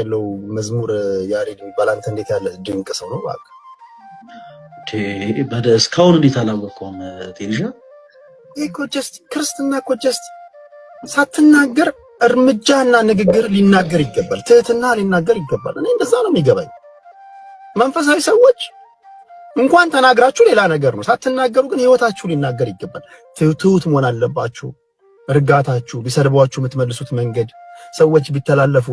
ያለው መዝሙር ያሬድ የሚባል አንተ እንዴት ያለ ድንቅ ሰው ነው እስካሁን እንዴት አላወቀውም? ቴልዣ ክርስትና ኮጀስት ሳትናገር እርምጃና ንግግር ሊናገር ይገባል። ትህትና ሊናገር ይገባል። እኔ እንደዛ ነው የሚገባኝ። መንፈሳዊ ሰዎች እንኳን ተናግራችሁ ሌላ ነገር ነው፣ ሳትናገሩ ግን ህይወታችሁ ሊናገር ይገባል። ትሁት መሆን አለባችሁ። እርጋታችሁ፣ ቢሰድቧችሁ የምትመልሱት መንገድ፣ ሰዎች ቢተላለፉ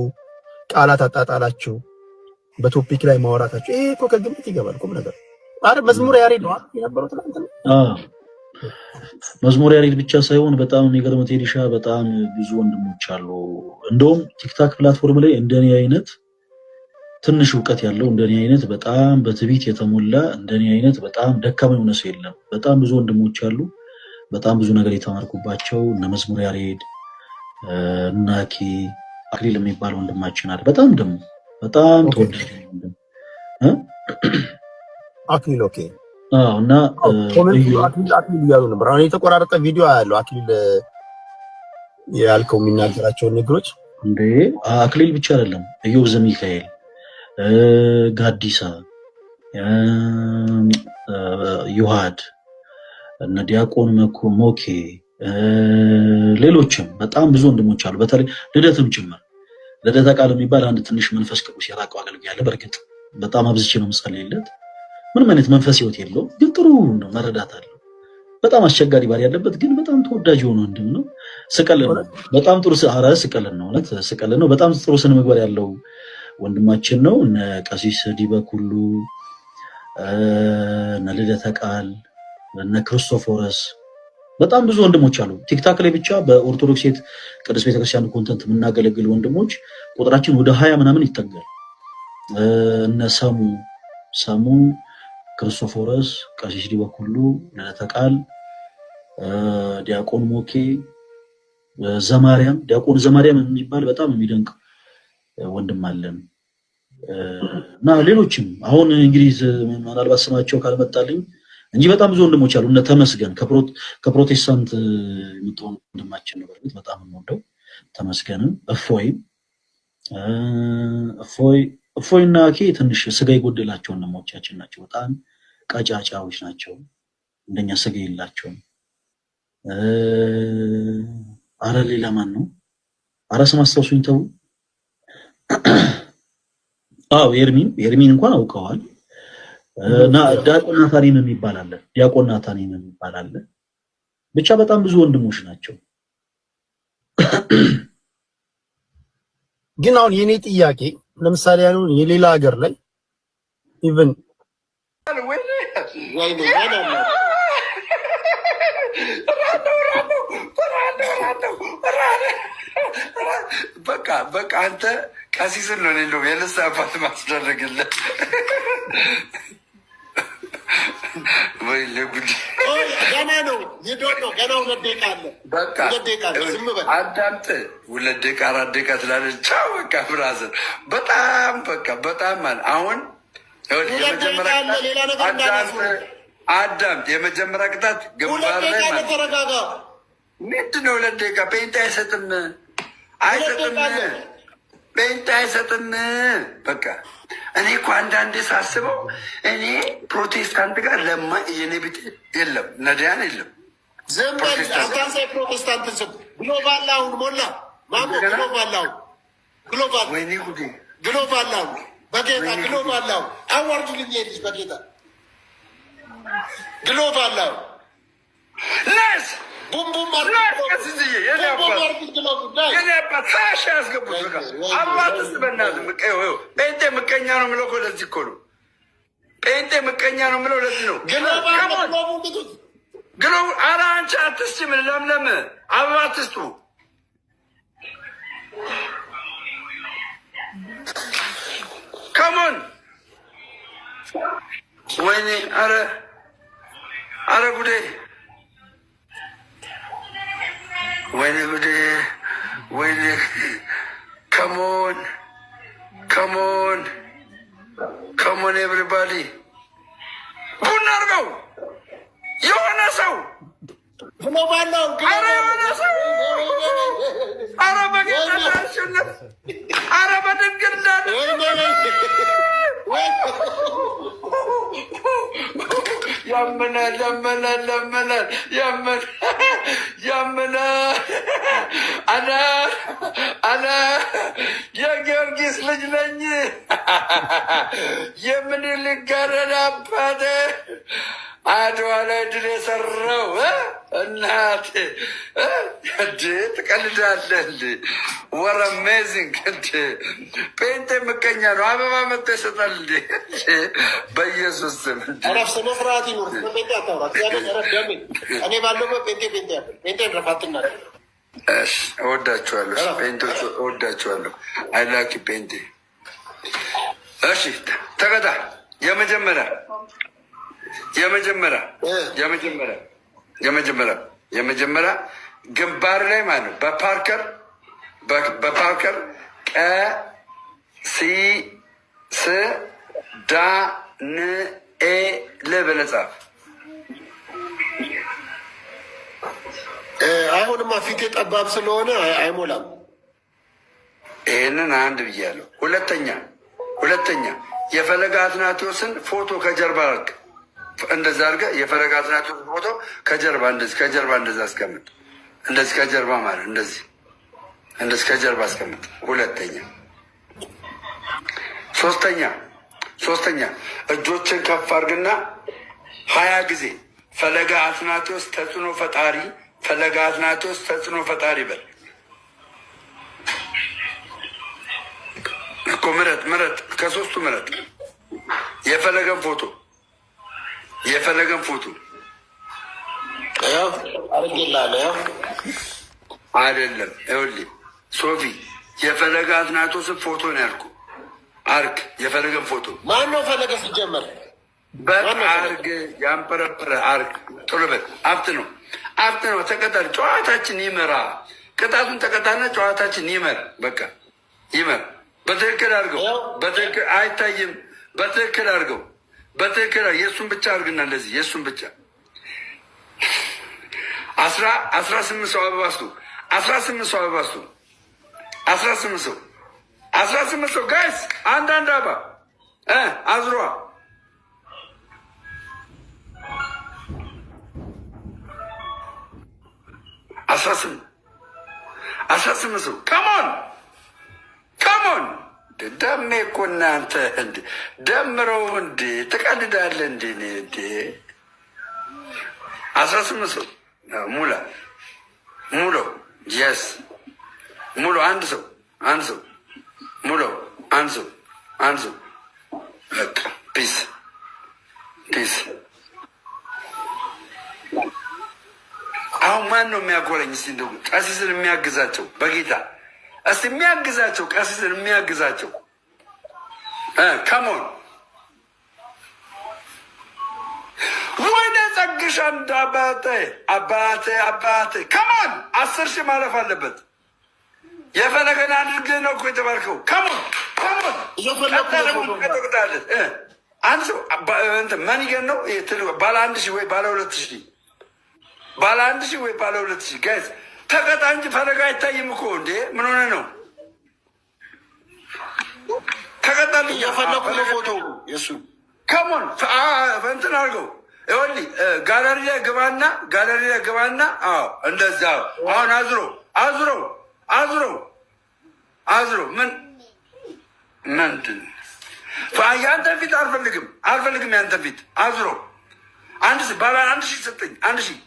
ቃላት አጣጣላችሁ በቶፒክ ላይ ማውራታችሁ ይሄ እኮ ከግምት ይገባል። ቁም ነገር አረ መዝሙር ያሬድ ነው የነበረው መዝሙር ያሬድ ብቻ ሳይሆን በጣም የሚገርመው ቴዲሻ በጣም ብዙ ወንድሞች አሉ። እንደውም ቲክታክ ፕላትፎርም ላይ እንደኔ አይነት ትንሽ እውቀት ያለው እንደኔ አይነት በጣም በትቢት የተሞላ እንደኔ አይነት በጣም ደካማ የሆነ ሰው የለም። በጣም ብዙ ወንድሞች አሉ። በጣም ብዙ ነገር የተማርኩባቸው እነ መዝሙር ያሬድ እነ አክሊል የሚባል ወንድማችን አለ። በጣም ደግሞ በጣም ተወዳጅ አክሊል ኦኬ። እና አክሊል እያሉ ነበር። አሁን የተቆራረጠ ቪዲዮ ያለው አክሊል ያልከው የሚናገራቸውን ነገሮች እንዴ አክሊል ብቻ አይደለም፣ እዮብ ዘሚካኤል፣ ጋዲሳ፣ ዮሐድ፣ እነ ዲያቆን መኮ ሞኬ ሌሎችም በጣም ብዙ ወንድሞች አሉ። በተለይ ልደትም ጭምር ልደተ ቃል የሚባል አንድ ትንሽ መንፈስ ቅዱስ የራቀው አገልጋይ ያለ በእርግጥ በጣም አብዝቼ ነው የምጸልይለት። ምንም አይነት መንፈስ ህይወት የለውም፣ ግን ጥሩ ነው፣ መረዳት አለው። በጣም አስቸጋሪ ባህሪ ያለበት ግን በጣም ተወዳጅ የሆነ ወንድም ነው። ስቀልን ነው፣ በጣም ጥሩ አረ ስቀልን ነው፣ እውነት ስቀልን ነው። በጣም ጥሩ ስነ ምግባር ያለው ወንድማችን ነው። እነ ቀሲስ ዲበኩሉ እነ ልደተ ቃል እነ ክርስቶፎረስ በጣም ብዙ ወንድሞች አሉ። ቲክታክ ላይ ብቻ በኦርቶዶክስ ሴት ቅዱስ ቤተክርስቲያን ኮንተንት የምናገለግል ወንድሞች ቁጥራችን ወደ ሀያ ምናምን ይጠጋል። እነ ሰሙ ሰሙ፣ ክርስቶፎረስ፣ ቀሲስ ዲበኩሉ፣ ልደተ ቃል፣ ዲያቆን ሞኬ፣ ዘማርያም ዲያቆን ዘማርያም የሚባል በጣም የሚደንቅ ወንድም አለን እና ሌሎችም አሁን እንግዲህ ምናልባት ስማቸው ካልመጣልኝ እንጂ በጣም ብዙ ወንድሞች አሉ። እነ ተመስገን ከፕሮቴስታንት የመጣው ወንድማችን ነው። በእርግጥ በጣም የምወደው ተመስገንም፣ እፎይም እፎይ እፎይ እና ትንሽ ስጋ የጎደላቸው ወንድሞቻችን ናቸው። በጣም ቀጫጫዎች ናቸው። እንደኛ ስጋ የላቸውም። አረ ሌላ ማን ነው? አረ ስም አስታውሱኝ። ተው አዎ፣ ኤርሚን ኤርሚን እንኳን አውቀዋል። ዲያቆን ናታኒም የሚባል አለ። ዲያቆን ናታኒም የሚባል አለ። ብቻ በጣም ብዙ ወንድሞች ናቸው። ግን አሁን የኔ ጥያቄ ለምሳሌ ያሉን የሌላ ሀገር ላይ ኢቭን በቃ በቃ አንተ ቀሲስን ነው ሌለው የነሳ አባት ማስደረግለት ወይ ለጉድ ገና ነው። ገና ሁለት ደቂቃ አለ። በቃ አዳምጥ። ሁለት ደቂቃ አራት ደቂቃ ትላለች። ቻው በቃ ብራዘር፣ በጣም በቃ በጣም ማለት አሁን አዳምጥ። የመጀመሪያ ቅጣት ግንባር ላይ ምንድን ነው? ሁለት ደቂቃ ጴንጤ አይሰጥም አይሰጥም በእንት አይሰጥም። በቃ እኔ እኮ አንዳንዴ ሳስበው እኔ ፕሮቴስታንት ጋር ለማ የኔብጤ የለም ነዳያን የለም ዘንበልሳይ ፕሮቴስታንት ስም ግሎባል አሁን ሞላ ማሞ ግሎባል አሁን ግሎባል ወይኔ ጉዴ ግሎባል አሁን በጌታ ግሎባል አሁን አዋርድ ልኝ ሄድሽ በጌታ ግሎባል አሁን ነስ ጴንጤ ምቀኛ ነው የምለው እኮ ለዚህ እኮ ነው። ጴንጤ ምቀኛ ነው የምለው ለዚህ ነው። ግሎ ኧረ አንቺ አትስጪ፣ ምን ለምለም አበባ አትስጡ። ከሞን ወይኔ! ኧረ ኧረ ጉዴ! when they when the, come on, come on, come on, everybody. ቡናርገው የሆነ ሰው አረ የሆነ ሰው አረ በጌታ አሸነፍ አረ በድንግል ያምናል ያምናል ያምናል ያምናል ያምናል። አና አና የጊዮርጊስ ልጅ ነኝ የምኒልክ ገረድ አባቴ አድዋ ላይ ድል የሰራው እናት እንዴ ትቀልዳለህ? ወር አሜዚንግ እንዴ ጴንጤ ምቀኛ ነው። አበባ መጥቶ ይሰጣል እንዴ በኢየሱስ ስም ስነ ስርዓት ይኖር። እኔ ጴንጤ ጴንጤ ጴንጤ ረፋትና እወዳችኋለሁ፣ እወዳችኋለሁ። አይላኪ ጴንጤ እሺ፣ ተቀጣ የመጀመሪያ የመጀመሪያ የመጀመሪያ የመጀመሪያ የመጀመሪያ ግንባር ላይ ማለት ነው። በፓርከር በፓርከር ቀሲስ ዳንኤል ብለህ ጻፍ። አሁንማ ፊቴ ጠባብ ስለሆነ አይሞላም። ይህንን አንድ ብያለሁ። ሁለተኛ ሁለተኛ የፈለገ አትናቴዎስን ፎቶ ከጀርባ አድርግ። እንደዛ አድርገህ የፈለጋ ስናቱን ፎቶ ከጀርባ እንደዚህ ከጀርባ እንደዚህ አስቀምጥ። እንደዚህ ከጀርባ ማለት እንደዚህ እንደዚህ ከጀርባ አስቀምጥ። ሁለተኛ ሶስተኛ ሶስተኛ እጆችን ከፍ አድርግና ሀያ ጊዜ ፈለጋ አትናቴዎስ ተጽዕኖ ፈጣሪ ፈለጋ አትናቴዎስ ተጽዕኖ ፈጣሪ በል እኮ ምረጥ ምረጥ፣ ከሶስቱ ምረጥ የፈለገን ፎቶ የፈለገን ፎቶ አይደለም ይኸውልህ፣ ሶፊ የፈለገ አትናቶስን ፎቶ ነው ያልኩ። አርግ የፈለገን ፎቶ ማን ነው ፈለገ ሲጀመር በአርግ ያንበረበረ አርግ ጥሩበት አፍት ነው አፍት ነው ተቀጣሪ ጨዋታችን ይመራ ቅጣቱን ተቀጣና ጨዋታችን ይመር በቃ ይመር። በትክክል አርገው በትክክል አይታይም። በትክክል አርገው በትክክል የእሱን ብቻ አድርግና እንደዚህ የእሱን ብቻ አስራ አስራ ስምንት ሰው አበባ ስጡ። አስራ ስምንት ሰው አበባ ስጡ። አስራ ስምንት ሰው አስራ ስምንት ሰው ጋይስ አንዳንድ አባ አዝሯ አስራ ስምንት አስራ ስምንት ሰው ከሞን ከሞን ደሜ እኮ እናንተ እንዲ ደምረው እንዲ ትቀልዳለህ እንዲ እኔ እንደ አስራ ስምንት ሰው ሙላ ሙሎ የስ ሙሎ አንድ ሰው አንድ ሰው ሙሎ አንድ ሰው አንድ ሰው በቃ ፒስ ፒስ። አሁን ማን ነው የሚያኮረኝ? እስኪ እንደው ቀሲስን የሚያግዛቸው በጌታ እስቲ የሚያግዛቸው ቀሲስን የሚያግዛቸው ከሞን ወደ ጸግሽ አንድ አባቴ አባቴ አባቴ ከሞን አስር ሺህ ማለፍ አለበት። የፈለገን አድርግ ነው እኮ የተባልከው። ከሞን ከሞን ቀጠለሙቀጠቅጣለ አንድ ሰው መንገድ ነው ባለ አንድ ሺህ ወይ ባለ ሁለት ሺህ ባለ አንድ ሺህ ወይ ባለ ሁለት ሺህ ጋይዝ ተቀጣ እንጂ ፈለጋ አይታይም እኮ እንዴ! ምን ሆነ ነው? ተቀጣል እያፈለኩ ነው። ፎቶ የሱ ከሞን እንትን አድርገው ይወል ጋለሪ ላይ ግባና፣ ጋለሪ ላይ ግባና። አዎ እንደዛ። አሁን አዝሮ አዝሮ አዝሮ አዝሮ ምን ምንድን የአንተ ፊት አልፈልግም፣ አልፈልግም ያንተ ፊት አዝሮ አንድ ባላ አንድ ሺህ ሰጠኝ አንድ ሺህ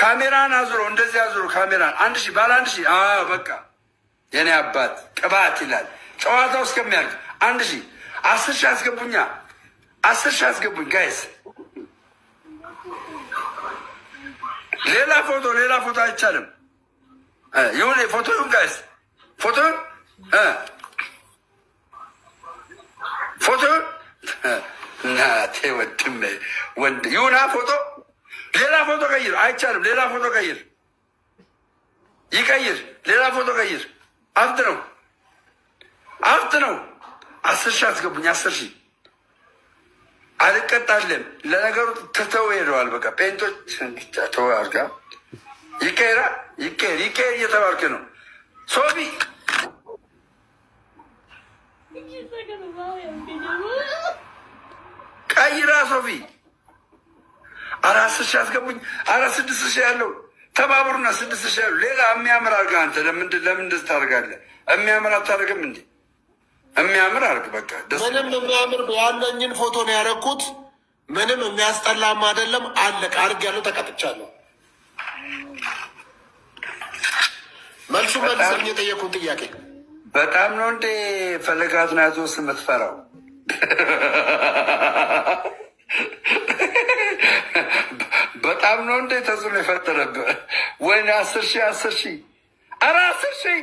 ካሜራን አዙሮ እንደዚህ አዙሮ ካሜራን አንድ ሺ ባለ አንድ ሺህ በቃ የኔ አባት ቅባት ይላል ጨዋታው እስከሚያልቅ አንድ ሺ አስር ሺ አስገቡኛ፣ አስር ሺ አስገቡኝ ጋይስ። ሌላ ፎቶ ሌላ ፎቶ አይቻልም። ይሁን ፎቶ ይሁን ጋይስ፣ ፎቶ ፎቶ እናቴ ወንድሜ ወንድ ይሁና ፎቶ ሌላ ፎቶ ቀይር። አይቻልም። ሌላ ፎቶ ቀይር፣ ይቀይር። ሌላ ፎቶ ቀይር። አብት ነው፣ አብት ነው። አስር ሺህ አስገቡኝ፣ አስር ሺህ አልቀጣለም። ለነገሩ ትተው ሄደዋል። በቃ ጴንቶች ተው አድርጋ ይቀይራ፣ ይቀይር፣ ይቀይር እየተባልክ ነው ሶፊ ቀይራ ሶፊ አራት ስሻ አስገቡኝ አራት ስድስት ሻ ያለው ተባብሩና ስድስት ሻ ያለው ሌላ የሚያምር አድርግ አንተ ለምንድ ለምን እንደዚህ ታደርጋለህ? የሚያምር አታደርግም እንዴ? የሚያምር አርግ በቃ ምንም የሚያምር ያለኝን ፎቶ ነው ያደረኩት። ምንም የሚያስጠላም አይደለም። አለቀ። አርግ ያለው ተቀጥቻለሁ። መልሱ መልስም የጠየቁን ጥያቄ በጣም ነው እንዴ ፈለጋት ናያቶ ስምትፈራው በጣም ነው እንደ ተጽዕኖ የፈጠረብህ። ወይኔ አስር ሺህ አስር ሺህ ኧረ አስር ሺህ